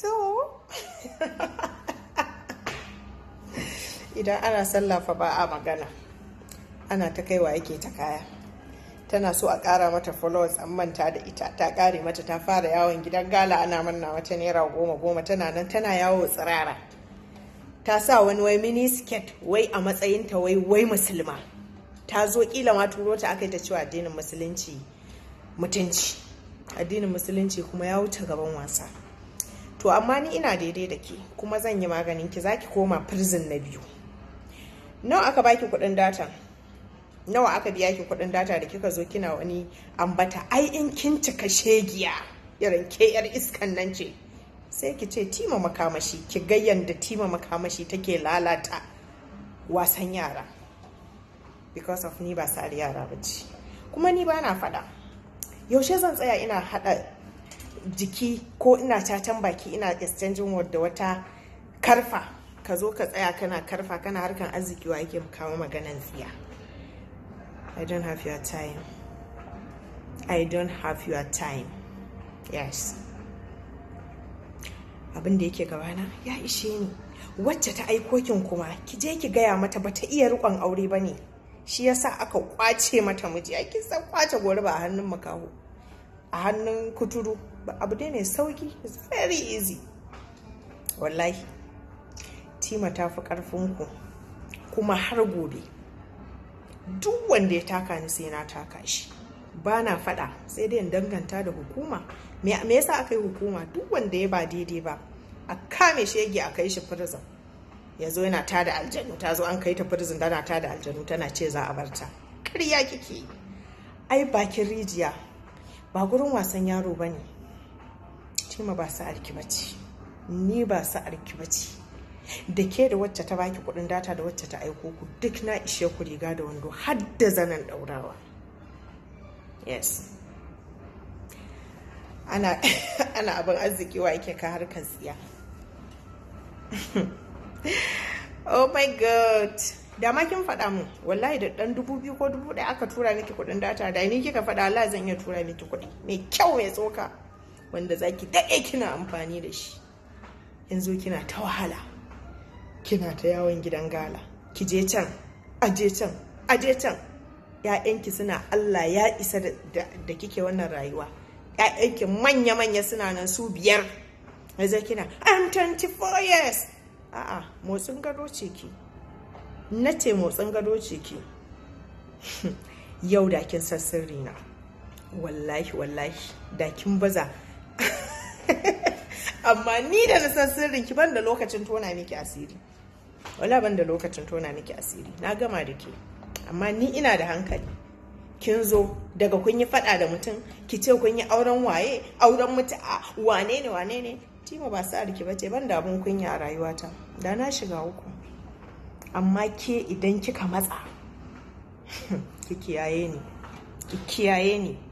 so idan ana sallafa ba a magana ana ta kaiwa yake ta kaya tana so a ƙara mata followers an manta da ita ta ƙare mata ta fara yawon gidan gala ana manna mata naira goma goma tana nan tana yawo tsirara ta sa wani wai mini skirt wai a matsayinta wai wai musulma ta zo kila ma turo ta aka ta cewa addinin musulunci mutunci addinin musulunci kuma ya wuce gaban wasa to amma ni ina daidai da ke kuma zan yi maganin ki zaki koma prison na biyu nawa aka baki kudin data nawa aka biya ki kuɗin data da kika zo kina wani ambata ai in kin cika shegiya irin ke yar iskan nan ce sai ki ce tima makamashi ki gayyan da tima makamashi take lalata wasan yara because of ni ba sa yara ba ce kuma ni ba na faɗa yaushe zan tsaya ina haɗa jiki ko ina catan baki ina exchanging word da wata karfa ka zo ka tsaya kana karfa kana harkan arziki wa yake kawo maganan tsiya i don't have your time i don't have your time yes abin da yake gabana ya ishe ni wacce ta aikokin kuma ki je ki gaya mata bata iya rikon aure bane ne shi yasa aka kwace mata miji a san kwace gori ba a hannun makaho a hannun kuturu abu ne mai sauki it's very easy wallahi tima ta fi ƙarfinku kuma har gobe duk wanda ya taka ni sai na taka shi ba na faɗa sai dai danganta da hukuma me yasa aka yi hukuma duk wanda ya ba daidai ba a kame shege a kai shi prison ya zo yana da aljanu ta zo an kai ta prison ta da aljanu tana ce za a barta ƙarya kike ai bakin rijiya ba gurin wasan yaro ba ne fatima ba sa'arki ba ce ni ba sa'arki ba ce da ke da wacce ta baki kudin data da wacce ta aiko ku duk na ishe ku riga da wando har da zanen daurawa yes ana ana abin arziki wa yake ka harkar tsiya oh my god da ma kin faɗa mu wallahi da ɗan dubu biyu ko dubu ɗaya aka tura miki kuɗin data da ni kika faɗa Allah zan iya tura miki kuɗi mai kyau mai tsoka wanda zaki daɗe kina amfani da shi yanzu kina ta wahala kina ta yawon gidan gala ki je can aje can aje can ‘ya'yanki suna Allah ya isa da kike wannan rayuwa ‘ya'yanki manya-manya suna nan su biyar yanzu kina I'm 24 years a'a motsin gado ce ki na ce motsin gado ce ki yau da kin san sirri wallahi wallahi da kin baza amma ni da na san sirrin ki banda lokacin tona miki asiri wala banda lokacin tona miki asiri na gama da ke amma ni ina da hankali kin zo daga kun yi fada da mutum ki ce kun yi auren waye auren mutu'a wane ne wane ne tima ba sa riki bace ban da abun kunya a rayuwata da na shiga uku amma ke idan kika matsa ki kiyaye ni ki kiyaye ni